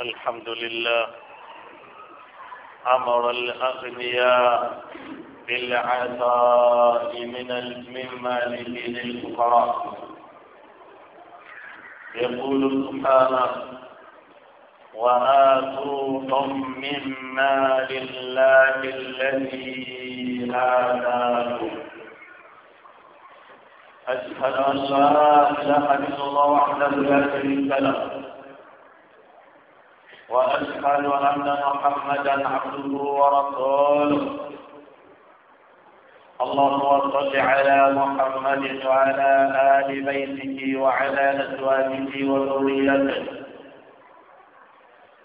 الحمد لله أمر الأغنياء بالعطاء من مما للفقراء يقول سبحانه وآتوهم مما لله الذي آتاكم أشهد أن لا إله إلا الله وحده لا شريك له وأشهد أن محمدا عبده ورسوله اللهم صل على محمد وعلى آل بيته وعلى أزواجه وذريته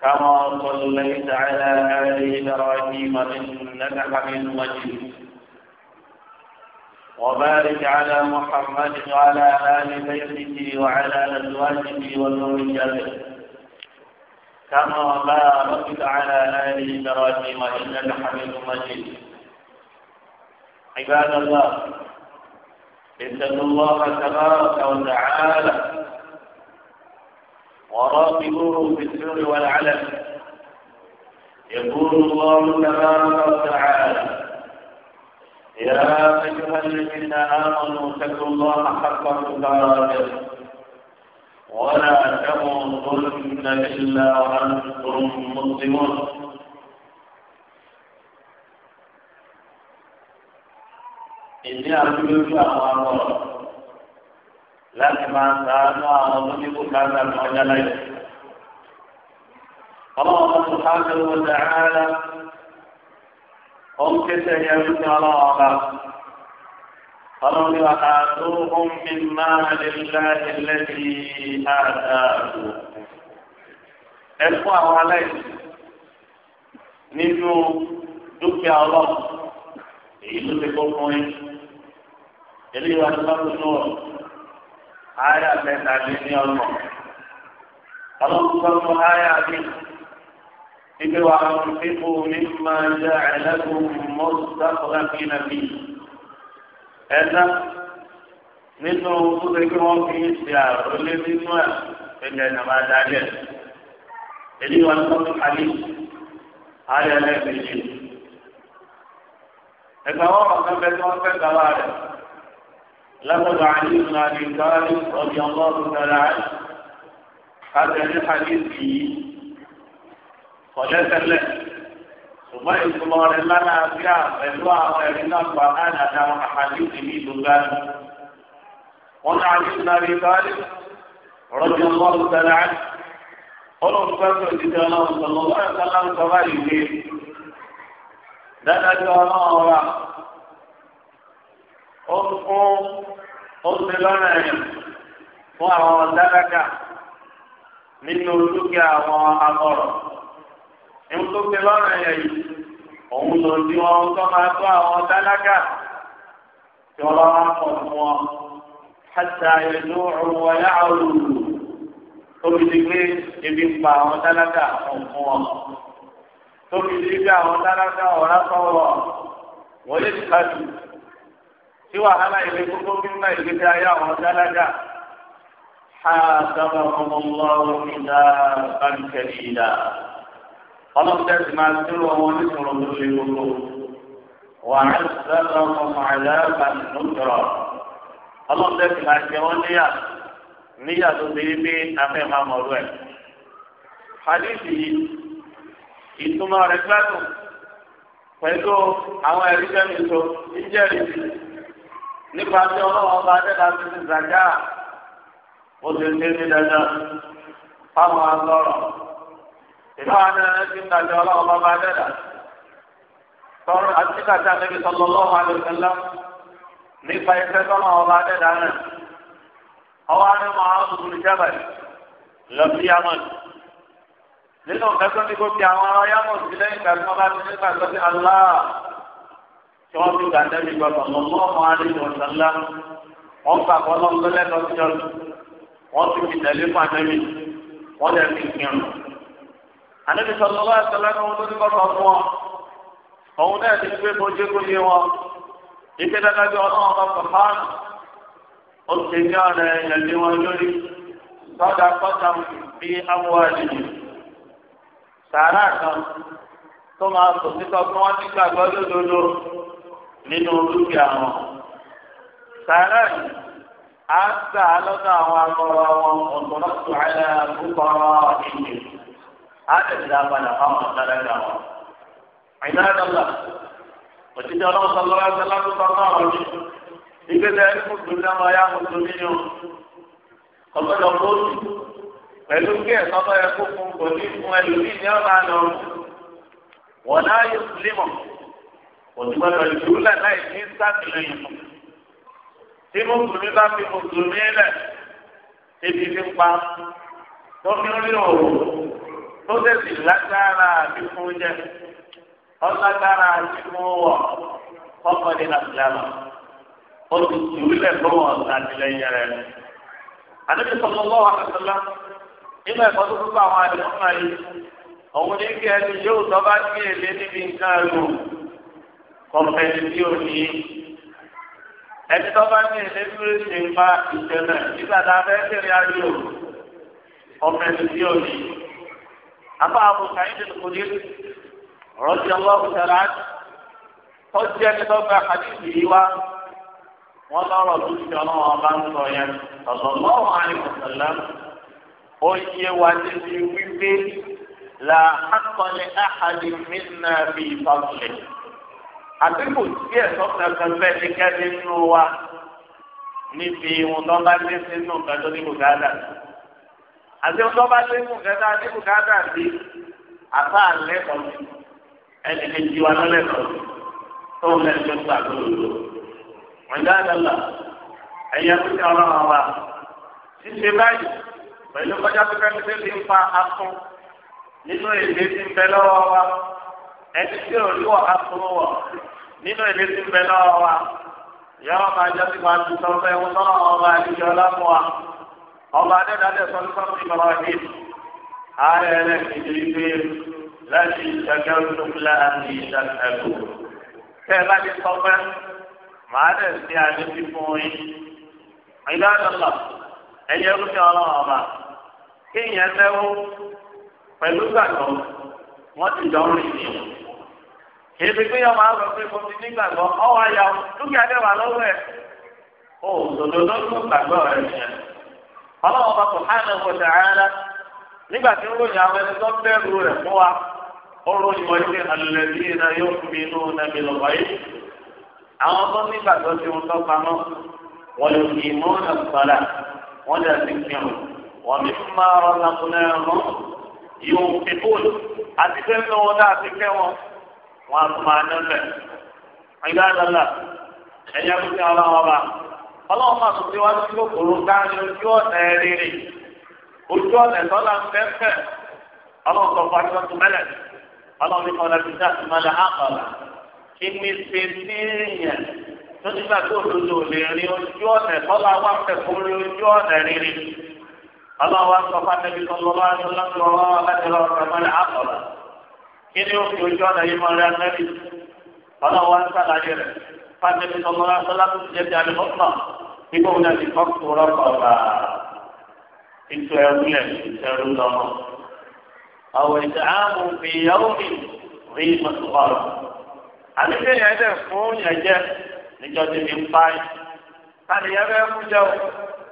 كما صليت على آل إبراهيم إنك حميد مجيد وبارك على محمد وعلى آل بيته وعلى أزواجه وذريته كما باركت على آل إبراهيم إنك حميد مجيد عباد الله اتقوا الله تبارك وتعالى وراقبوه في السر والعلن يقول الله تبارك وتعالى يا أيها الذين آمنوا اتقوا الله حق تقاته ولا تموتن إلا وأنتم مسلمون ìdí àdúgbò àwọn akọ̀rọ̀ láti máa sàánú àwọn oníkó káàkiri àwọn ọjà láyé. ọlọ́run tó tún káàkiri wọn dàrá ó ń kéde ẹ̀yẹ lójú ọlọ́run ọba ọlọ́run wa ta tó ń bí máa lè la ẹlẹ́bi àdáàbò. ẹ fún àwọn aláìsí nínú dúkìá ọlọ́run èyí tó ti kó fún yín. eléyìí wá tó tó nù ọ́ ayé àtẹ̀tà lé ní ọ̀nà. ọlọ́run tó tó ayé àbí. Ibi wa ń fi kú mọ́tò dákọ̀lá kí n ẹ̀dá nínú tó ṣe kí wọ́n fi ṣe àròlé nínú ẹ̀ ẹ̀jẹ̀ ní ọba darí ẹ̀. èyí wọn tó ń kalí ayé ẹlẹ́gbẹ̀jì. ẹ̀gbà wọn gawa fẹ́ tí wọ́n fẹ́ gbàgbà rẹ̀. lọ́sọ̀dọ̀ àyè ìlú àti ìgbàlẹ̀ ọ̀bì ọlọ́run tẹ̀lé àyè. kájọ ní wọ́n ti sọ ọ̀rẹ́ lálàáfíà pẹ̀lú àwọn ẹ̀rí náà pa àdàdà àhàdì ìlú ìdúgba. wọ́n náà ní ìnáwó ìbáàlì rọ́jò mọ́rù tẹ̀lé àti ọlọ́run bá tó ìdíje ọlọ́run sọ̀rọ̀ wọ́n ẹ̀ka láń sọ báyìí pé dáadáa jọ ọlọ́run ọ̀rà ó fún ó ti lọ́nà ẹ̀ fún àwọn dáadáa nínú dúkìá àwọn amọ̀rọ̀. Ìwọ́n tó ti lọ́nà ẹ̀ yìí òun ló di wọn tó máa tó àwọn tálákà tí wọn bá wọn pọ̀ fún wọn hàtà ìlú ọ̀wọ̀yà òòlù tóbi ti pé ebi ń pa àwọn tálákà fún wọn tóbi ti pé àwọn tálákà ọ̀rá sọ̀rọ̀ wọlé tìkadù tí wàhálà ìlú gbogbo mímọ́ ìgbésí ayé àwọn tálákà hàtà bàbá ọmọ ọlọ́run ní dáa bá ń kẹ́lí dáa ọlọ́run tẹ́sí máa ń tẹ́lọ ọmọ oníṣòro tó ṣe gbogbo wà á sẹ́lọ ọmọ àìlẹ́ẹ̀kà lóòtọ́rọ̀ ọlọ́run tẹ́sí máa jẹ wọ́n níyà níyà tó ti rí pé afẹ́ máa mọ̀ rẹ̀. hadith yìí ìtumọ̀ rẹ̀ gbádùn pẹ̀lú àwọn ẹ̀rí jẹ́mi tó ìjẹ́rìí nípa tí ọlọ́run ọba dẹ́ta ti ti zàgá ó ti ṣe ní dandan fáwọn asọ̀rọ̀ ìlú àná ti ń gbàjọ ọlọ́run bá bá dẹ́dà tọrọ àti kàtà níbi sọlọ lọ́wọ́ àlùfẹ́lá nípa ẹsẹ̀ tọ́lọ̀ ọba dẹ́dà náà ọwọ́ àná máa ń gbùdù jábà lọ sí yamọ̀n nínú kẹsàn-án ní kò fi àwọn ará yamọ̀n sí lẹ́yìn kẹsàn-án bá ti nípa ẹsẹ̀ sí alá tí tẹ̀lé fún àtẹ́mi wọ́n lẹ́ fi kírun àlejò sọlọ wá sọlá ní ohun tó ti kọsọ fún ọ òun náà ti gbé mojú kú ní wọn ìpè dandan bí ọlọ́run bá sọ fáàn ó ti ní ọ̀rẹ́ ẹ̀yẹ̀lé wọn lórí sọ́dà kọ́ta bí amúhàlì sàárà kan tó máa sọ títọ́ fún wọn nígbà gbọ́dọ̀ lódò nínú dúkìá wọn sàárà yìí á sà lọ́dọ̀ àwọn akọ̀rọ̀ wọn ọ̀tọ̀ lọ́sùn àìlà púpọ̀ ìyẹn àtẹ̀síra padà fáwọn sálágà wọn. àìdáàdọ́là òtítọ́ ọlọ́run sọlọ́lá sọlá tó bá bá wọn ní ìgbésẹ̀ ẹ̀kúndùn náà wọ́n yá kótó nínú ọgbọ́dọ̀ kóòtù pẹ̀lú kí ẹ̀sọ́ bá yẹ kó fún kò ní fún ẹlòmíì ní ọ̀nà àná wọn láàyè sílímọ̀ òtúmọ̀tò ìdúlẹ̀ láì ní sátìlẹ́yìn tí mùsùlùmí tó tẹ̀sí lágbára àbíkún jẹ ọlágbára àbíkún wọ̀ ọkọ̀dé làbílámà ti tìwílẹ̀ fún ọ̀sán àtìlẹyìn rẹ̀. àdébí sọ̀rọ̀ lọ́wọ́ àkàtúndà nínú ẹ̀kọ́ tó fún àwọn ayé òun ní kí ẹni yóò sí èlé níbi nǹkan tí ní ẹni èlé ṣe ń bá ìṣẹ̀lẹ̀ nígbà tá a fẹ́ ṣèrìn àjò ọ̀fẹ́ni tí أبا أبو سعيد الخدير رضي الله تعالى عنه قد يكتب حديثه و وضع رسول الله عن صلى الله عليه وسلم قل وجدي وبه لا حق لأحد منا في فضله àbíkù tí ẹ̀sọ́ kankan bẹ́ẹ̀ ní kẹ́ni nínú wa níbi ìwọ̀n tó bá dé sínú nǹkan tó àti ọjọ́ bá lé mú kẹta àti mú kẹta àti àtà lẹ́kọ̀ọ́ ẹni lè jí wa lọ́lẹ́kọ̀ọ́ tó ń lẹ́nu tó gbà tó lòlò. wọ́n dá dọ́là ẹ̀yẹ kúkẹ́ ọlọ́run wa ṣíṣe báyìí pẹ̀lú kọjá tó fẹ́ lé ní fa asún nínú èdè tí ń bẹ lọ́wọ́ wa ẹni tí ò ní wọ̀ asún wọ̀ nínú èdè tí ń bẹ lọ́wọ́ wa yọ̀ọ́ máa jẹ́ sí wa tó sọ fẹ́ wọn náà wọn máa ọba adẹ́dàdẹ́ sọ nípa fún ibrahim ààrẹ rẹ̀ kìí pé láti ìṣẹ́jọ́ ńlá àti ìṣàkẹ́kù. tẹ́ ẹ bá ti sọ pé màá dẹ̀ sí àdé fífún yín. ìlú àdọ́là ẹ̀yẹ rúbí ọlọ́run ọba kí ìyẹn tẹ́wọ́ pẹ̀lú gbàgbọ́ wọ́n ti jọ ń rìn ní. kìí fi pé ọmọ àgbà pé mo ti nígbàgbọ́ ọwọ́ ayà dúkìá dẹ́wà lọ́wọ́ ẹ̀ ọlọ́wọ́n bá subhanahu wa ta'ala nígbà tí ń ròyìn àwọn ẹni tó ń bẹ̀rù rẹ̀ fún wa ó ròyìn wọn pé alladhina yu'minuna bil ghaib àwọn tó nígbà tó ti wọn tó pamọ́ wọn lè kí mọ́ ọ̀nà wọn lè ti fi hàn wọn mi fún máa rọ lakunẹ́rún yóò fi bóòlù àti pé ń lọ́wọ́ náà ti fẹ́ wọn wọn a tún máa nẹ́lẹ̀ ẹ̀yà lọ́la ẹ̀yà kúkẹ́ ọlọ́run máa tún léwájú tí ó kòrò káàrin ojú ọ̀nà rere ojú ọ̀nà ìtọ́lá ń fẹ́fẹ́ ọlọ́run tó fa aṣọ tó mẹ́lẹ̀ ọlọ́run nípa ọ̀nà bíi dáàtì máa lẹ àkàlà kí ni ṣe ní èèyàn tó nígbà tó dodo lè rin ojú ọ̀nà ìtọ́lá wà fẹ́fún rin ojú ọ̀nà rere ọlọ́run wá sọ fún ẹbí tó lọ́wọ́ aṣọ láti lọ́wọ́ láti tó mẹ́lẹ̀ قال النبي صلى الله عليه وسلم جد على الخطة يقول لك فقط ربك انت يا ولد انت يا ولد او اتعام في يوم غيب الغرب هل في هذا فون يا جد نجد من باي قال يا ابي جو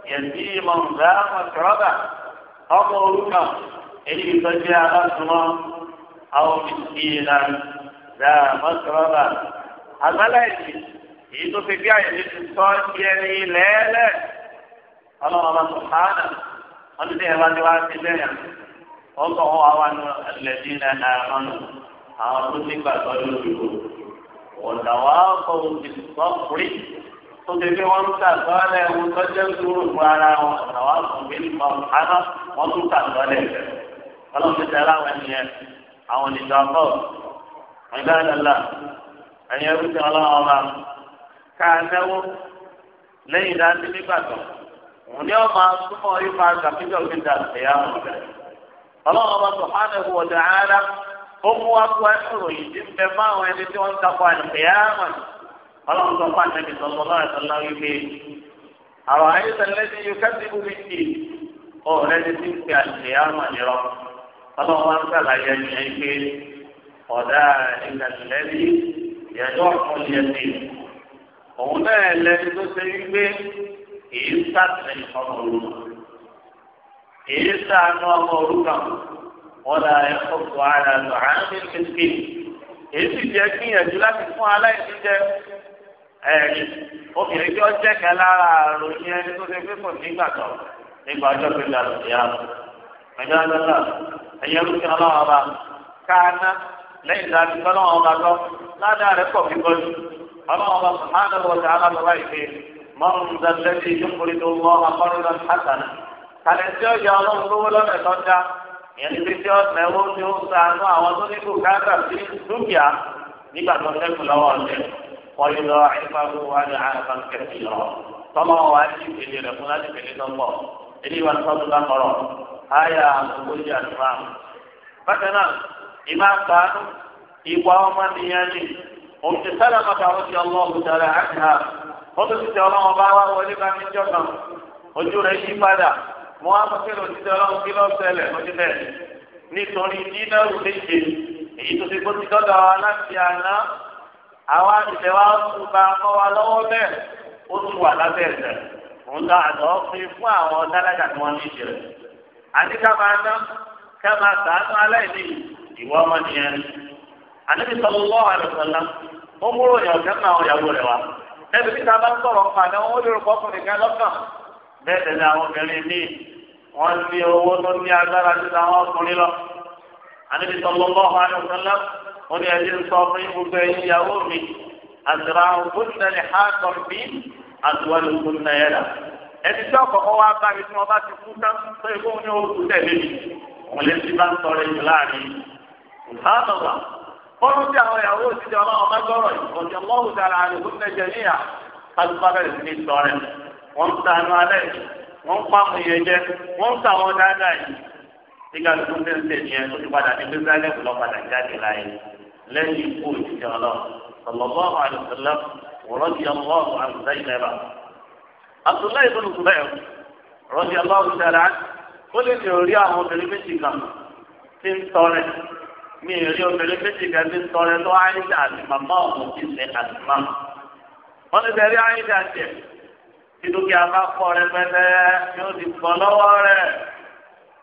يزي من ذا مكربه أمرك إن تجي على السماء أو مسكينا ذا مكربة أما لا يجوز èyí tó fi bí àyẹ̀lẹ́ ti sọ jẹ́ ní lẹ́ẹ̀lẹ́ ọlọ́run ọba sọ̀hánà wọ́n ti dẹ́yẹ̀ bá ti wá sí bẹ́ẹ̀ wọ́n kọ́ wọn wá nu ẹlẹ́dín náà àmọ́nù àwọn tó ti gbà tọ́jú òyìnbó ọ̀dà wa kọ́ ti sọ pé tó ti fi wọ́n tà sọ́ọ́lẹ̀ wọn tó jẹ́ sùúrù fún ara wọn ọ̀dà wa kọ́ bí mọ̀ àná wọ́n tún tà sọ́ọ́lẹ̀ ọlọ́run ti tẹ̀lé àwọn ènìyàn ká náwó lẹ́yìn láti nígbàgbọ́ ni máa ipa ọba ara ó mú wá kó ń bẹ ẹni tí ń takọ sọ àwọn ayélujára yóò ń pè ẹni òun náà lẹni tó ṣe wípé èyí ń sàtìlẹyìn ọmọ èyí sàánú ọmọ òrùka wọn là ẹ kọkọ ara lọ à ń fi kéke èyí sì jẹ gbìyànjú láti fún aláìsí jẹ ẹrí obìnrin tí ó jẹ kẹ lára àròyìn ẹni tó ṣe pé kò nígbà tó nígbà pé ga lọ àrùn ẹyẹ tí a ti ọba ládàá rẹ الله سبحانه وتعالى رأيه من ذا الذي يقرض الله قرضا حسنا kàlẹ́síọ́ yọ ọlọ́run lówó lọ́nà ìtọ́já ìyẹn níbi tí ọ̀sẹ̀ owó ni ó sàánú àwọn tó ní kò káàkà sí dúkìá nígbà tó sẹ́kù lọ́wọ́ ọ̀sẹ̀ wọ́n lọ àìfàgbó wa ní àràfà kẹsì lọ tọ́mọ wa ní ìpele rẹ̀ fún أم سلمة رضي الله تعالى عنها قلت سلام وبارا ولما من جنة ojú rẹ̀ yí padà mo wá sọ pé lòdìdẹ ọlọ́run kí ló ṣẹlẹ̀ lójú bẹ́ẹ̀ nítorí dínàrù méje èyí tó ti kó ti dọ́dọ̀ wa láti àná àwa ìfẹ́ wa tún bá mọ́ wa lọ́wọ́ bẹ́ẹ̀ ó tún wà lábẹ́ ẹ̀sẹ̀ òun ta àdó àdébí sọlọ́wọ́ àlùfọ́lá ó múrò yàn ọ̀gá náà àwọn ìyàwó rẹ̀ wá ẹbí níta bá ń sọ̀rọ̀ padà wọn ó lè rúkọ ọkùnrin kan lọ́kàn bẹ́ẹ̀ tẹ̀lé àwọn obìnrin míì wọ́n ní owó tó ní agbára ju àwọn ọkùnrin lọ àdébí sọlọ́wọ́ àlùfọ́lá ó ní ẹbí ń sọ fún gbogbo ẹ̀yìn ìyàwó mi àtìrà òkúta ní hàtọ̀ bí àtìwálé òkúta yẹn ẹni tí ọkọ̀ọ̀kọ̀ wá bá mi tí wọ́n bá ti kú tán tó ikú ní oṣù tẹ̀lé mi wọ́n lè ti bá ń sọ̀rọ̀ ìlú láàrin ìfáàtọ̀ wà ọdún tí àwọn ìyàwó òṣìṣẹ́ ọlọ́run bá gbọ́rọ̀ yìí ọ̀dẹ̀ ọlọ́run dára àlùkò tẹ̀jẹ̀ níyà kálukú abẹ́rẹ́ sí ní sọ̀rẹ́ wọ́n ń ta àánú alẹ́ wọ́n ń pàmò yẹn jẹ wọ́n ń ta àwọn dáadáa yìí nígbà tó ń tẹ̀sẹ̀ yẹn ó ti padà ní gbégbá lẹ́kùn lọ́ padà jáde láyé lẹ́yìn ikú òṣìṣẹ́ ọlọ́run sallallahu mi ì rí obìnrin méjì kan ní tọrẹ lọ àyíṣà àti màmá ọ̀hún ti ṣe àtìmá. wọ́n ti tẹ̀lé àyíṣà tiẹ̀ tí dúkìá bá pọ̀ rẹpẹtẹ yóò ti pọ̀ lọ́wọ́ rẹ̀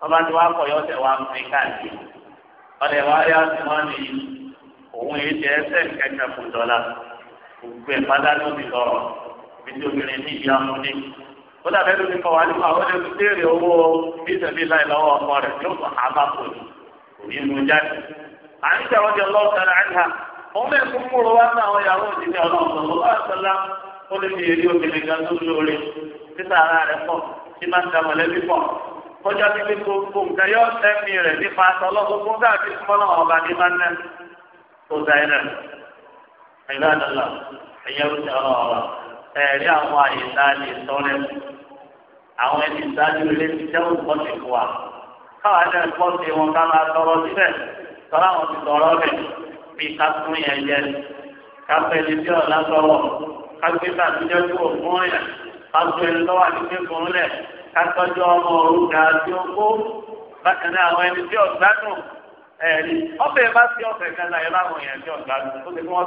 ọba tí wàá pọ̀ yóò tẹ̀ wá mi káàkiri. wọ́n lè wá rí àtìmọ́ni òun èyí tẹ ẹsẹ̀ kẹ̀kẹ́ fún dọ́là gbogbo ẹ̀ padà ló ti lọ́rọ̀ ibi tí obìnrin ní ìyá ọmọdé ó dàbẹ́ ló ti kọ̀ wá nípa àwọn ẹni tó béèrè owó bí ìtẹ̀lé láì lọ́wọ́ ọkọ rẹ̀ yóò sọ àbá kò ní. òye mu jáde. àyíṣà wọn di ọlọ́run tẹ̀lé àyíṣà wọn bẹ́ẹ̀ kú kúrò wá sí àwọn ìyàwó òjijì ọlọ́run tó lọ́wọ́ àṣọlá ó lè fi èrè obìnrin kan tó lóore títà ara rẹ̀ pọ̀ tí máa ń ta mọ̀lẹ́bí pọ̀ kọjá nǹkan yọ ẹ̀mí rẹ̀ nípa gbogbo ọba ní ń àwọn a ẹni ìdájọ́ ilé ti jẹ́ káwa náà gbọ́ sí wọn ká máa tọrọ síbẹ̀ tọ́lá wọn ti tọrọ bẹ̀ bí kásún yẹn yẹ kápẹ́lí bí ọ̀la sọ̀rọ̀ kápẹ́tà tó jẹ́ kó fún ọ̀yà kásún ẹni lọ́wọ́ àdúgbò fún lẹ̀ kátọ́jú ọmọ òrùka tí ó kó bákan náà àwọn ẹni tí ọ̀gbádùn ẹ̀rí ọ̀fẹ́ bá sí ọ̀fẹ́ kan láyé láwọn èèyàn tí ọ̀gbádùn tó ti wọ́n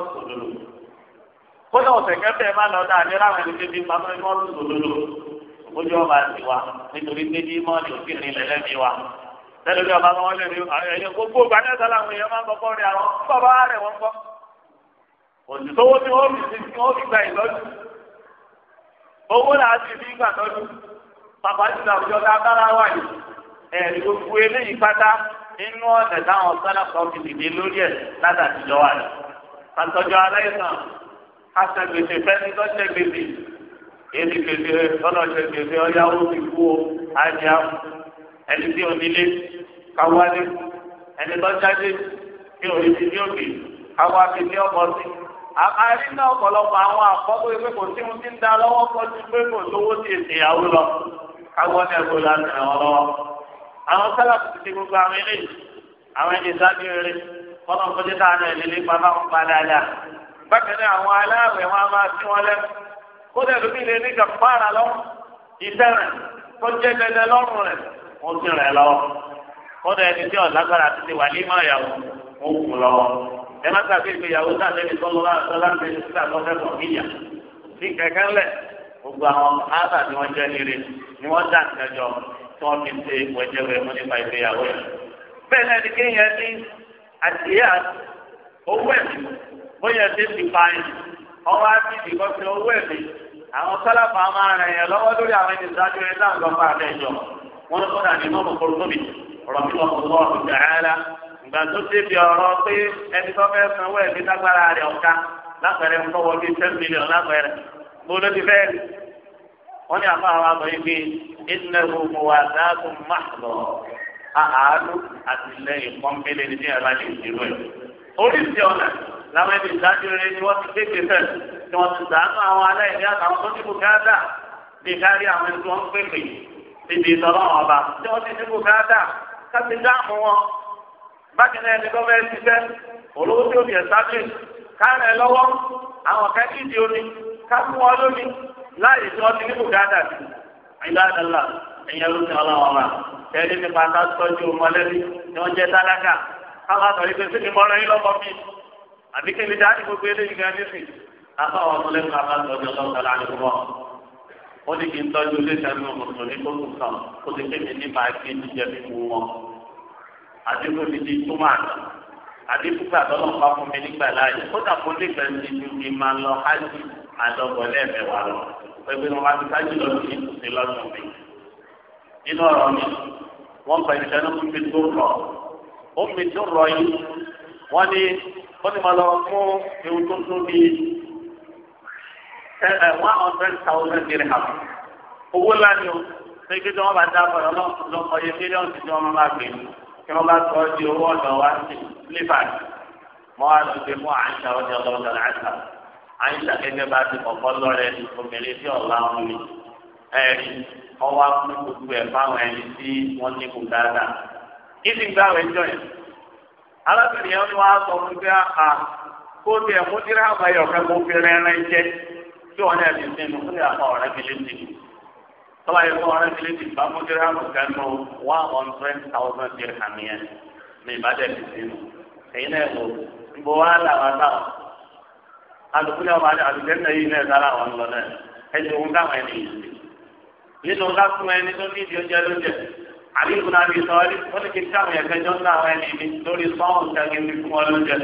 kódà ọ̀sẹ̀ kẹfẹ́ má lọ dáa ní láwọn ẹni tí bí pamọ́ ẹni wọ́n lù ọba ti wa nítorí pé bí mọ́ọ̀lì òfin ní lẹ́lẹ́bí wa lẹ́nu ọba kan wọ́n lè rí gbogbo gbanẹ́sà làwọn èèyàn máa ń kọ́kọ́ rí àwọn bàbá rẹ̀ wọ́n kọ́. òṣìṣọ́wọ́ ni wọ́n fi sí wọ́n fi gba ìlọ́jú. owó là ti fi gbà tọ́jú. bàbá ti là òjò ká bára wà yìí. ẹ̀rí gbogbo eléyìí pátá nínú ọ̀nà táwọn sọ́nà kan fi dìde lórí ẹ̀ látàtijọ́ wà ní. àtọ́jú aláìsàn aṣẹ́gbèsè fẹ́ni tó ẹni tí onílé káwálé ẹni tó jáde kí orí ti ní òkè káwá ti ní ọmọ sí. àmàlí náà ọ̀pọ̀lọpọ̀ àwọn àkọ́kọ́ ìwé kò sí ohun tí ń da lọ́wọ́ kọ́ ju pé kò lówó ti ètè ìyàwó lọ káwọ́ ní ẹ̀kọ́ láti ràn wọ́n lọ́wọ́. àwọn sálàkù ti ti gbogbo àwọn eléyìí àwọn ẹni ìsáájú rere kọ́nà kọjá táwọn ẹni lè pa máa ń pa dáadáa. bákan náà àwọn a máa sí wọn kó dẹ̀ lómi lè ní gàpárà lọ́wọ́ ìtẹ̀rẹ̀ tó jẹ́ lẹ́lẹ́ lọ́rùn rẹ̀ wọ́n sì rẹ̀ lọ kọ́dọ̀ ẹni tí ọ̀lágbára ti ti wà ní lọ. ẹ má gbàgbé ìgbéyàwó sáfẹ́ni tó lọ́wọ́ àtọ́lá ń bẹ̀rẹ̀ sí àtọ́fẹ́sọ̀ níyà sí kẹ̀kẹ́ lẹ̀ gbogbo àwọn ábà tí wọ́n jẹ́ nílé ni wọ́n dà kẹjọ tí wọ́n fi ṣe wẹ́jẹ́wẹ́ nípa yẹn. náà kéèyàn ní owó bóyá ti fi pa àti owó àwọn máa rẹ̀ yẹn lọ́wọ́ lórí wọn kọ́ dà ní mọ́mọ́ kọ́lọ́mọ́bì ọ̀rọ̀ mi lọ́kọ̀ lọ́wọ́ ọ̀gá ara ìgbà tó ṣe fi ọ̀rọ̀ pé ẹni tó fẹ́ sanwó ẹ̀mí lágbára rẹ̀ ọ̀ka lápẹ̀rẹ̀ ń kọ́wọ́ bíi ten million lápẹ̀rẹ̀ gbọ́dọ̀ ti fẹ́ rí wọ́n ní àbá àwọn àgbà yìí pé ìnáwó mo wà dáàbò má lọ àánú àti ìdíwọ̀ ẹ̀ oríṣi ọ̀nà ní bùkátà níbi ìtọ́lọ́ ọba tí wọ́n ti dínkù káàdà káti dáàmú wọn. bákan náà ẹni gọ́ọ̀mẹ̀ntì fẹ́ olówó tí ó ní ẹ̀sájú kárẹ̀ lọ́wọ́ àwọn kẹ́kìdì omi wọn lómi láàyè tí wọ́n ti sí. ẹ̀yẹ ló ti ọlọ́wọ́ wa ẹni ní pátá mọ́lẹ́bí ni wọ́n jẹ́ tálákà káwá ni ó ní kí n tọ́jú iléeṣẹ́ mi ọ̀sán ní kókó kan ó ti kéde nípa ẹgbẹ́ jíjẹ mímu wọn àdínkù ti di túmọ̀tì àdínkù gbà tó lọ́n bá fún mi nígbà láàyè ó dà fún nígbà tí mi ti máa lọ hajj àdọ́gbọ̀ lẹ́ẹ̀mẹwàá lọ pẹ̀lú wọn bá ti sáájú lọ sí ìtúsí lọ́sùn mi nínú ọ̀rọ̀ mi wọ́n gba ìṣẹ́ ní omi tó rọ̀ one hundred thousand dirham owó lánìí o ṣéke tí wọn bá dá bọ̀rọ̀ lọ́kọ̀ yẹ mílíọ̀nù tí wọn máa gbé kí wọn bá sọ ọ́ di owó ọ̀dọ̀ wá sí liban mọ́ àlùfẹ́ mọ́ àyíṣà ọ̀dọ̀ ọ̀dọ̀ àyíṣà àyíṣà gẹ́gẹ́ bá ti kọ̀kọ́ lọ́rẹ́ obìnrin tí ọ̀la ń mi ẹ̀rí ọwọ́ fún gbogbo ẹ̀ fáwọn ẹni tí wọ́n ní kù dáadáa kí ti gbá àwọn ẹjọ́ yẹn alábìnrin yẹn ni sọ fún bí a kó tiẹ̀ mú dírámù ẹ̀yọ̀kẹ́ mo fi rẹ́rẹ́ jẹ́ kí wọn náà lè sínú fún ìyá àwọn ọ̀rẹ́ mi létí tọ́ba yìí fún ọ̀rẹ́ mi létí bá fún dírẹ́ àmọ̀ kẹ́nu one hundred thousand díẹ̀ àmì ẹ̀ ní ìbàdàn ti sínú èyí náà wò níbo wá làwọn táwọn alùpùpù náà wàá àlùjẹ́ náà yìí náà sára àwọn lọ náà ẹ̀jẹ̀ òun dáhùn ẹni yìí nínú ńlá fún ẹni tó ní ìdí oúnjẹ lóúnjẹ àbí ìbùnà àbí ìsọ̀rí ó ní kí táwọn yẹn kẹjọ ńlá àwọn ẹni mi lórí sọ́ọ̀n tẹ́gí mi fún ọ lóúnjẹ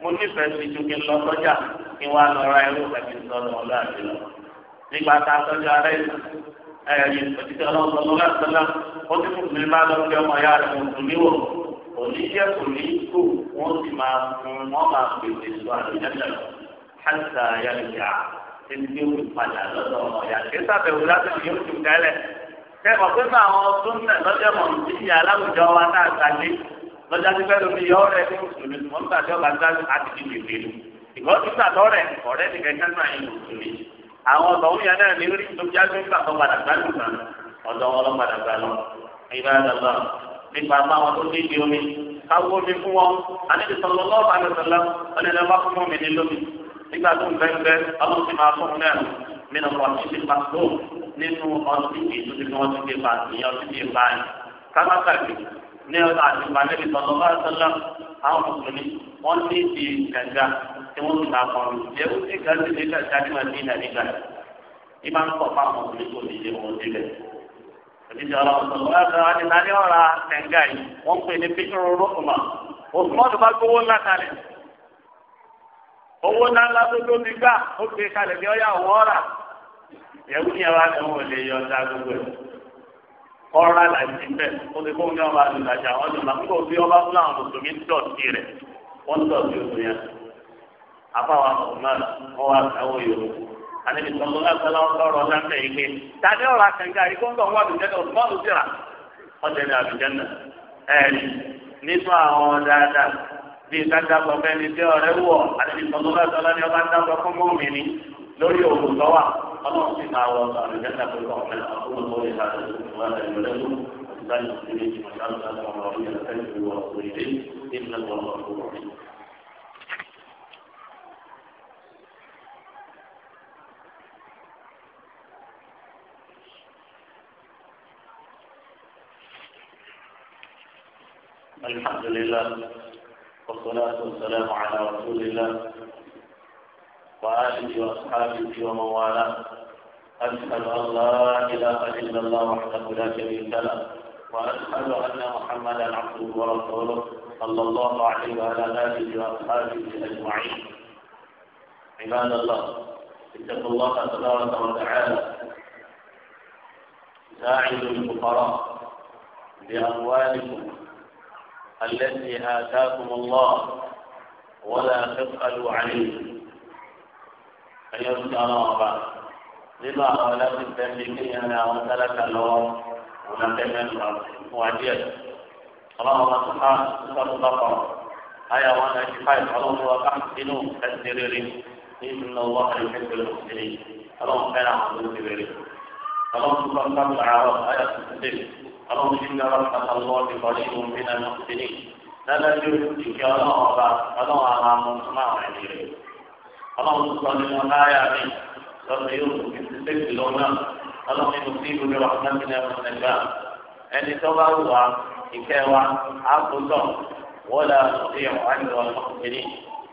mo nífẹ̀ẹ́ sí ju kí n lọ sọ́jà kí wọ́n á lọ ra irú kẹ̀kẹ́ sọ́dọ̀ ọ̀la àti lọ. nígbà tá a tọ́jú ara ẹ̀ ẹ̀yìn òtítọ́ ọlọ́sọ̀rọ̀ lọ́la sọ́lá ó ti fún mi máa lọ fi ọmọ ya rẹ̀ mọ̀ mí wò oníṣẹ́ kò ní kú wọ́n sì máa fún wọ́n máa pèsè sọ àlùjẹ́jẹ́ lọ hàtà yàrá ẹni tí fi padà lọ́dọ̀ ọmọ ya kí sábẹ̀wò lásìkò yóò tún kálẹ̀ kẹ́kọ̀ọ́ pé fún àwọn gómìnà lọ́jọ́ mọ̀ níbi aláwùjọ wa náà sáyé lọ́jọ́ tí fẹ́ẹ́ lómi yọ ọ́ rẹ̀ fún mùsùlùmí mọ̀ ìwọ́n ti gbà lọ́rẹ̀ ọ̀rẹ́ ti kẹ́kẹ́ náà yìí ló tóbi àwọn ọ̀dọ́ òun náà ní orí tó jáde ń gbàgbọ́ padà gbádùn kan ọ̀dọ́ wọn lọ́ padà gbà lọ. ìbára dàgbà nípa báwọn tó dé ibi omi káwọ́ omi fún wọn àti sọ̀rọ̀ lọ́ọ̀bà lọ́sọ̀lá wọn ni ẹ bá fún mi ní lómi nígbà tó ń bẹ́ẹ̀ ọlọ́run ti máa fún un náà nínú ọtí ti pa tó nínú ọtí ètò tí wọ́n ti gbé pa ìyẹn ọtí ti pa yìí kámákàkì wọ́n ní ti gàgà tí wọ́n tún máa kọ́ mi jẹ́ ó sì ga sílé ká sáré máa dín náà nígbà tí máa ń pọ̀ fáwọn ọmọdé tó lè yé wọn délẹ̀. Òjijì ọ̀rọ̀ ọ̀sọ̀rọ̀ ọ̀sọ̀rọ̀ àdìsá ní ọ̀rá kẹ̀ǹgà yìí wọ́n pè ní píkìrì rúkùmá. Òsùmọ́dù bá gbowó ńlá kalẹ̀. Owó ńlá ńlá tó tó ti gbà ó gbé kalẹ̀ ní ọ̀yà òwúrọ̀ra. Ìyẹ̀wù ni ẹ̀wá ni wọ́n lè yọ ọjà gbogbo ẹ̀. ní ọba àbáwá ọ̀gbọ́n wọn wá sáwọ́ yòókù anabi sọlọ lásán lọ́rọ̀ lásán yìí pé tàbí ọ̀rọ̀ àkàǹgá yìí kóńtò wà bìjẹnà ọgbọn òsìrà ọjà ní àbìjẹnà ẹẹni nínú àwọn dáadáa bíi dáadáa bẹni bí ọ̀rẹ́ wọ anabi sọlọ lásán lọ́rọ̀ ọba dáadáa fún mọmì ni lórí òkú sọwà Ọlọ́run sì máa wọ àbìjẹnà pẹ̀lú ọmọ ẹ ọdún tó yẹ ká lọ sí ìwádìí الحمد لله والصلاة والسلام على رسول الله وآله وأصحابه ومن والاه أشهد أن لا إله إلا الله وحده لا شريك له وأشهد أن محمدا عبده ورسوله صلى الله عليه وعلى آله وأصحابه أجمعين عباد الله اتقوا الله تبارك وتعالى ساعدوا الفقراء بأموالكم التي آتاكم الله ولا تسألوا عليه أيها الأربعة لما أولاد التمليكين وسلك الله ونتمنى الواجب اللهم سبحانه سورة البقرة آية 195 اللهم وأحسنوا السرير إن الله يحب المحسنين اللهم كان عبد الكبير اللهم سبحانه وتعالى آية 66 اللهم إن رحمة الله قريب من المحسنين dáadáa ìkẹ́ ọlọ́run ọba ọlọ́run àwọn amúnmá àwọn ẹni rẹ̀ ọlọ́run sọ nínú náírà mi lọ́sọ̀ yóò fi ṣẹ́kì lọ́nà ọlọ́run inú sí ìlú rẹ̀ ọ̀sán ní ẹ̀rọ nàìjíríà ẹni tó bá wù wá ìkẹ́ wa àkótọ́ wọ́n lọ sí ẹ̀wọ̀n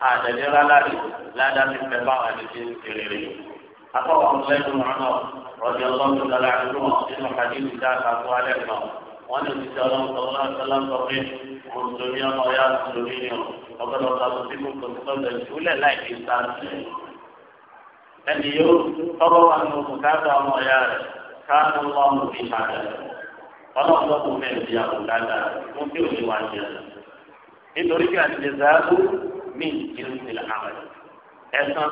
àjọ ọlọ́run أخبر عبد الله بن عمر رضي الله تعالى عنهما في حديث ذاك أبو عليهما وأن النبي صلى الله عليه وسلم قال مسلمين ويا مسلمين وقد أصابتكم كنتم تقول لا إنسان ẹni yóò tọrọ wà ní oṣù káàdà ọmọ ya rẹ káàdà ọmọ fi máa ọlọ́run lọ́kùn mẹ́rin ẹ̀sán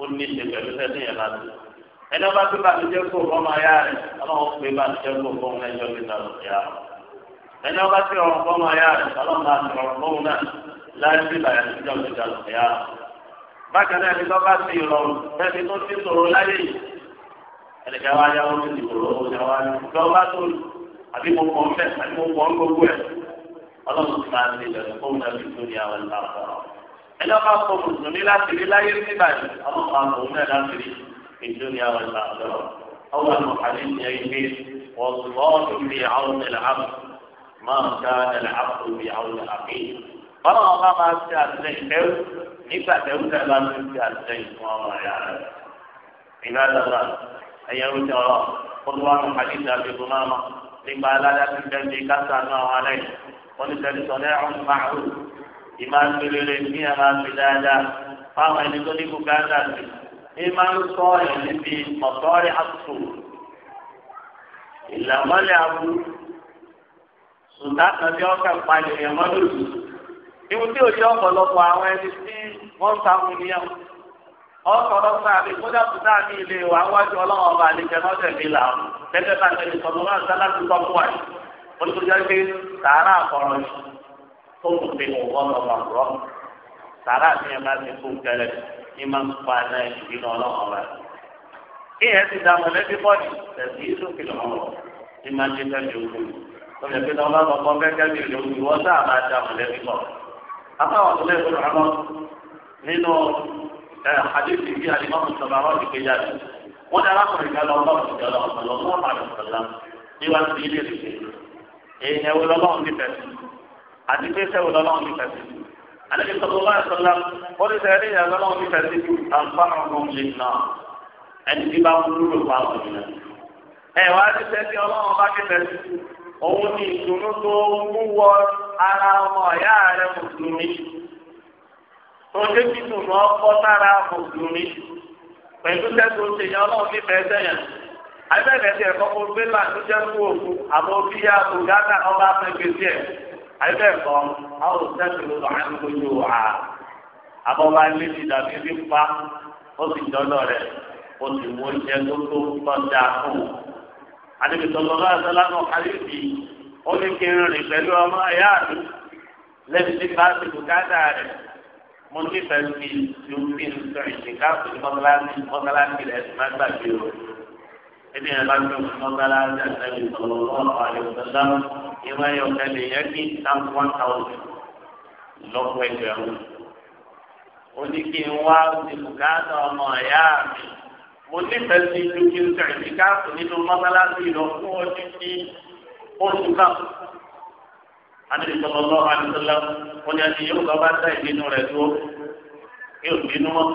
ó ní ṣe pẹ̀lú sẹ́sìn yẹn láti. ẹni ọba tó bá ti jẹ́ kó fún ọmọ ayá rẹ̀ ọlọ́run pé bá ti jẹ́ kó fún ọmọ ẹjọ́ mi náà lọ́sẹ̀ yá. ẹni ọba tí ọrùn fún ọmọ ayá rẹ̀ ọlọ́run bá ti rọrùn fún òun náà láti bí bàyà ti jẹ́ òṣèjà lọ́sẹ̀ yá. bákan náà ẹni tó bá ti rọrùn fẹ́ni tó ti sòrò láyé yìí. ẹnìkan wá yá wọn ti sòrò ó ti máa ẹni ọba kọ mùsùlùmí láti rí láyé níbàdí ọlọ́run máa lọ òun náà láti rí èdè ní àwọn ìgbà àtọ́rọ̀ ọwọ́ àwọn àlẹ́ ní ẹgbẹ́ wọ́ọ̀dù bí àwọn ẹ̀lẹ́hàbù máa ń ká ẹ̀lẹ́hàbù bí àwọn ẹ̀lẹ́hàbù ọlọ́run ọba máa ń ṣe àtìlẹ́yìn ẹrú nígbà tẹ̀rú tẹ̀ bá ń ṣe àtìlẹ́yìn fún ọmọ ẹ̀yà rẹ̀ ìlú àdàlà ẹ̀yẹ rúdì ọ̀rọ̀ olùwàmù àdìsí àbẹ̀bù máma nígbà ìmá ń pèlélé ní àmà pè dáadáa fáwọn ẹni tó ní bùkátà sí i má ń sọ ẹ̀ níbi ọ̀tọ́rẹ́ àtúntò ìlàmọ́lẹ̀ aburú sùdáàtà bí ọkà palẹ̀ ẹ̀ mọ́lòdì ibi tí ò sí ọ̀pọ̀lọpọ̀ àwọn ẹni tí wọ́n ń sàmù níyàn ọ̀pọ̀lọpọ̀ àbí kódà kódà ní ilé wa wájú ọlọ́run ọba àlejò lọ́sẹ̀ mi là ń tẹ́tẹ́ bá tẹ̀lé sọ̀rọ̀ náà sálá tó tún fi mú wọn lọ máa rọ sàrà tí ẹ bá ti kú kẹlẹ ní máa ń pa náà ìdíná ọlọ́run ọba kí ẹ ti dá mọ̀lẹ́bí bọ́ọ̀dì tẹ̀sí ìsókè lọ́wọ́ ní máa ń dé fẹ́ mi òkú lọ́jọ́ pé lọ́wọ́ lọ́wọ́ kọ́ kẹ́kẹ́ mi ló ń wọ́n sáà máa dá mọ̀lẹ́bí bọ̀ àbáwọn tó lẹ́sùn ọmọ nínú àdéhùn ìdí àdìmọ́kùn sọ̀rọ̀ àwọn àti pé sẹ́wọ̀n lọ́lọ́run ní fẹ̀sí. Àlejò sọ̀rọ̀ láì sọ̀lá, ó ní sẹ́yìn ní ìyàwó lọ́wọ́ ní fẹ̀sí ju àǹfààní ọ̀gbọ̀n lè nà. Ẹni tí bá ń lúlò pa àwọn ìlànà. Ẹ wá ní sẹ́yìn ọlọ́run bá ní fẹ̀sí. Òun ni ìdùnnú tó mú wọ ara ọmọ ọ̀yá rẹ̀ mùsùlùmí. Tó dé kí dùnú ọkọ sára mùsùlùmí. Pẹ̀lú sẹ́tù ó ṣe yan ọlọ́run ní fẹ̀ẹ́ sẹ́yìn. Abẹ́rẹ́ ti ẹ̀kọ́ mo gbé láti jẹ́ fún òkú àmọ́ bí yá ògá náà ọba fẹ́ gbèsè ẹ̀ àyẹ̀bẹ̀kọ àwọn òṣìṣẹ́ ló máa ń kojú wa àbọ̀bá ilé ti dàbí bí pa ó sì dọ́dọ̀ rẹ̀ ó sì mú oúnjẹ tó tó tọ́jà fún un. àdébìtọ́lọ́ bá sọ́lámù àríwí ó ní kí n rìn pẹ̀lú ọmọ ẹ̀yà mi lẹ́bi tí bá ti bùkátà rẹ̀ mo nífẹ̀ẹ́ sí ju bí n sọ ìṣèkáàpù ní mọ́sálásí mọ́sálásí rẹ̀ ti má gbàgbé o ẹni ẹ bá tó mọ́tàlá àtẹ̀lẹ́ ìṣòro àlùfẹ́lá ìwé ayọ̀kẹ́lẹ́ yẹ kí tam one thousand lọ́pọ̀ ẹgbẹ̀rún. ó ní kí n wá sí bùkátà ọmọ ẹ̀yà mi. mo nífẹ̀ẹ́ sí ju kí n tẹ̀lé sí káàtó nínú mọ́tàlá sí lọ fún ọdún sí oṣù náà. àti ìṣòro lọ́wọ́ àlùfẹ́lá ó ní ẹni yóò lọ́ba tẹ̀ nínú rẹ̀ tó yóò bínú mọ́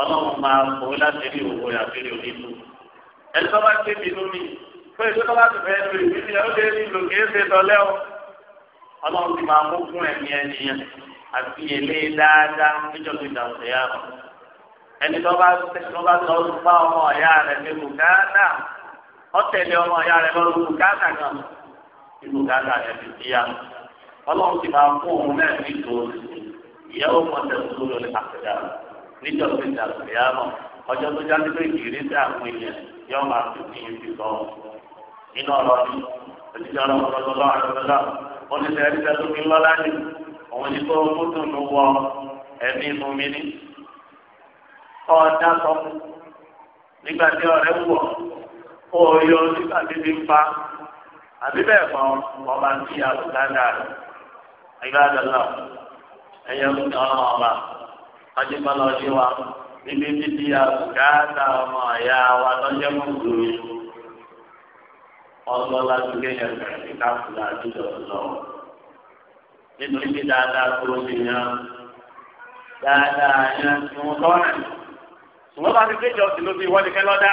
ọlọ́run máa kó láti rí òwò àti rí onílù. ẹni tó bá gbé mi lómi fún èso tó bá ti fẹ́ lu ìbí ni ó lé nílò kì í ṣe tọ́lẹ́ o. ọlọ́run ti máa mú fún ẹ̀mí ẹni yẹn àti èlé dáadáa níjọ́ tó dà ọ̀sẹ̀ yá lọ. ẹni tó bá tó bá tọ́ ọdún bá ọmọ ọ̀yá rẹ̀ ní bùkátà ọ̀tẹ̀lẹ̀ ọmọ ọ̀yá rẹ̀ lọ́rùn bùkátà kan ní bùkátà rẹ̀ ti di ya. ọlọ́run ti máa fún òun náà ní ìtòsí ìyàwó mọ̀tẹ́ níjọ́ tó dà lóyà mọ ọjọ́ tó jáde pé kiri sí àwọn èèyàn yóò máa fi fi fi sọ iná ọlọrin òjijì ọlọ́run lọlọlọ àdúrà oníṣẹ ẹgbẹ lọlá òun kó tó wọ sọ nígbà tí ọ̀rẹ́ yọ nígbà tí ti ń pa àbí bẹ́ẹ̀ kọ́ ọba ń rẹ̀ àdàlọ́ ọjọ́pọ̀lọ́ ọjọ́ wa níbi títí àbùkátà ọmọ ọ̀yá wa lọ́jọ́ mọ̀gbòrò ọlọ́lá tó kéèyàn kàkí káfíńtà àdúgbò lọ. nítorí pé dáadáa kúrò sí yan dáadáa yan tí wọ́n tọ́ náà. ṣùgbọ́n bá ti kéjọ ọ̀sìn ló fi wọ́n ní kẹ́ lọ́dá.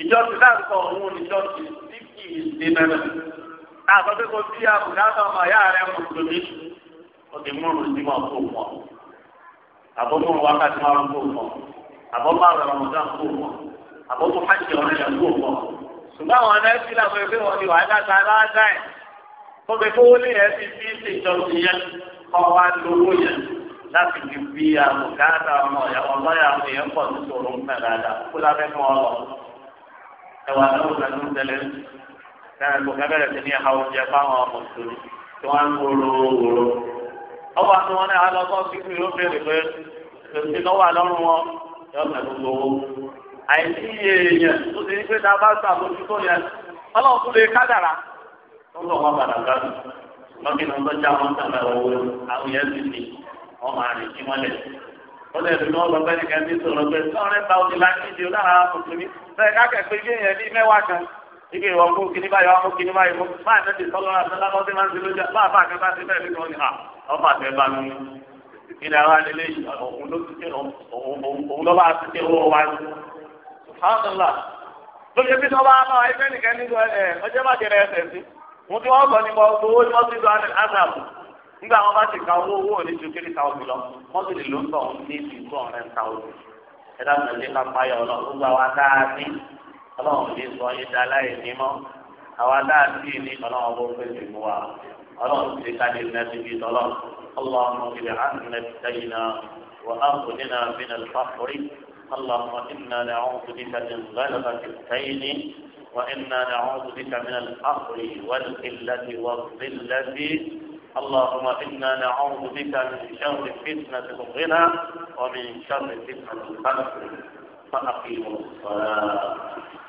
ìjọsìn náà sọ òun ìjọsìn tí kì í ṣe mẹ́rin. àbọ̀dé kò sí àbùkátà ọmọ ọ̀yá rẹ̀ mọ̀gbòrò ó ti mú òrùn tí wọ́n wọn àbọ̀tún wákàtí márùn kó mọ̀ àbọ̀tún àrùn ramadan kó mọ̀ àbọ̀tún hajj ọ̀rẹ́ yẹn kó mọ̀. ṣùgbọ́n àwọn ẹ̀rẹ́ sí làwọn ẹgbẹ́ wọn ni wàá dáta aláàdá ẹ̀ tó fi kó lè ẹ́ fi fi ṣe ìjọsìn yẹn kọ́ wá lówó yẹn láti fi fi àmùkáàtà ọmọ ìyàwó lọ́yà àwọn èèyàn pọ̀ ní sòrò ń bẹ̀rẹ̀ àdá kó lábẹ́ fún ọ lọ. ẹwà lọ́wọ́ kan ló ń tẹ̀lé ọ bụ wọ́n náà lọ sọ́ọ́ síkú yóò béèrè pé tòṣì lọ́wọ́ àlọ́run wọn yóò fẹ́ gbogbo àìsí iye èèyàn tó ti ní pé tá a bá ṣàbójútó yẹn ọlọ́run tún lè kádàrá tó lọ́ wọn padà gbádùn lọ́kìnà tó já wọn àwọn yẹn ti ní máa rìn kí wọ́n lẹ̀. wọ́n lè dùn nìkan sọ̀rọ̀ pé ta láti bẹ́ẹ̀ bí èèyàn ní mẹ́wàá kan ìwọ̀n kó kíní báyọ̀ kó kíní báyọ̀ máa tẹ̀sí máa ń ọba tẹ bá mi o o o òun ló o o o o ti tẹ owó wa ní. o lóye bí o bá wa o nìkan nínú ẹ o bá o o sí mo ti wọ́n sọ ní mo owó ni wọ́n ti lọ àdàbò nígbà wọn bá ti ka owó owó ní ju kiri ta òbí lọ wọ́n ti lè ló ń tọ̀ ní ti tó ọ̀rẹ́ ta òbí ẹ dáhùn ẹ̀ lé ká payọ̀ ọ̀nà gbogbo àwa tá a ní ọlọ́run ní sọ ẹ̀dá láì ní mọ́ àwa tá ní ọlọ́run bó fẹ́ lè mú wa. ọlọ́run لسان الناس في nẹ́ẹ̀sì اللهم اغفر عنا ti وأغننا من الفقر اللهم إنا نعوذ بك من غلبة الدين وإنا نعوذ بك من الفقر والقلة والذلة اللهم إنا نعوذ بك من شر فتنة الغنى ومن شر فتنة الفقر فأقيموا الصلاة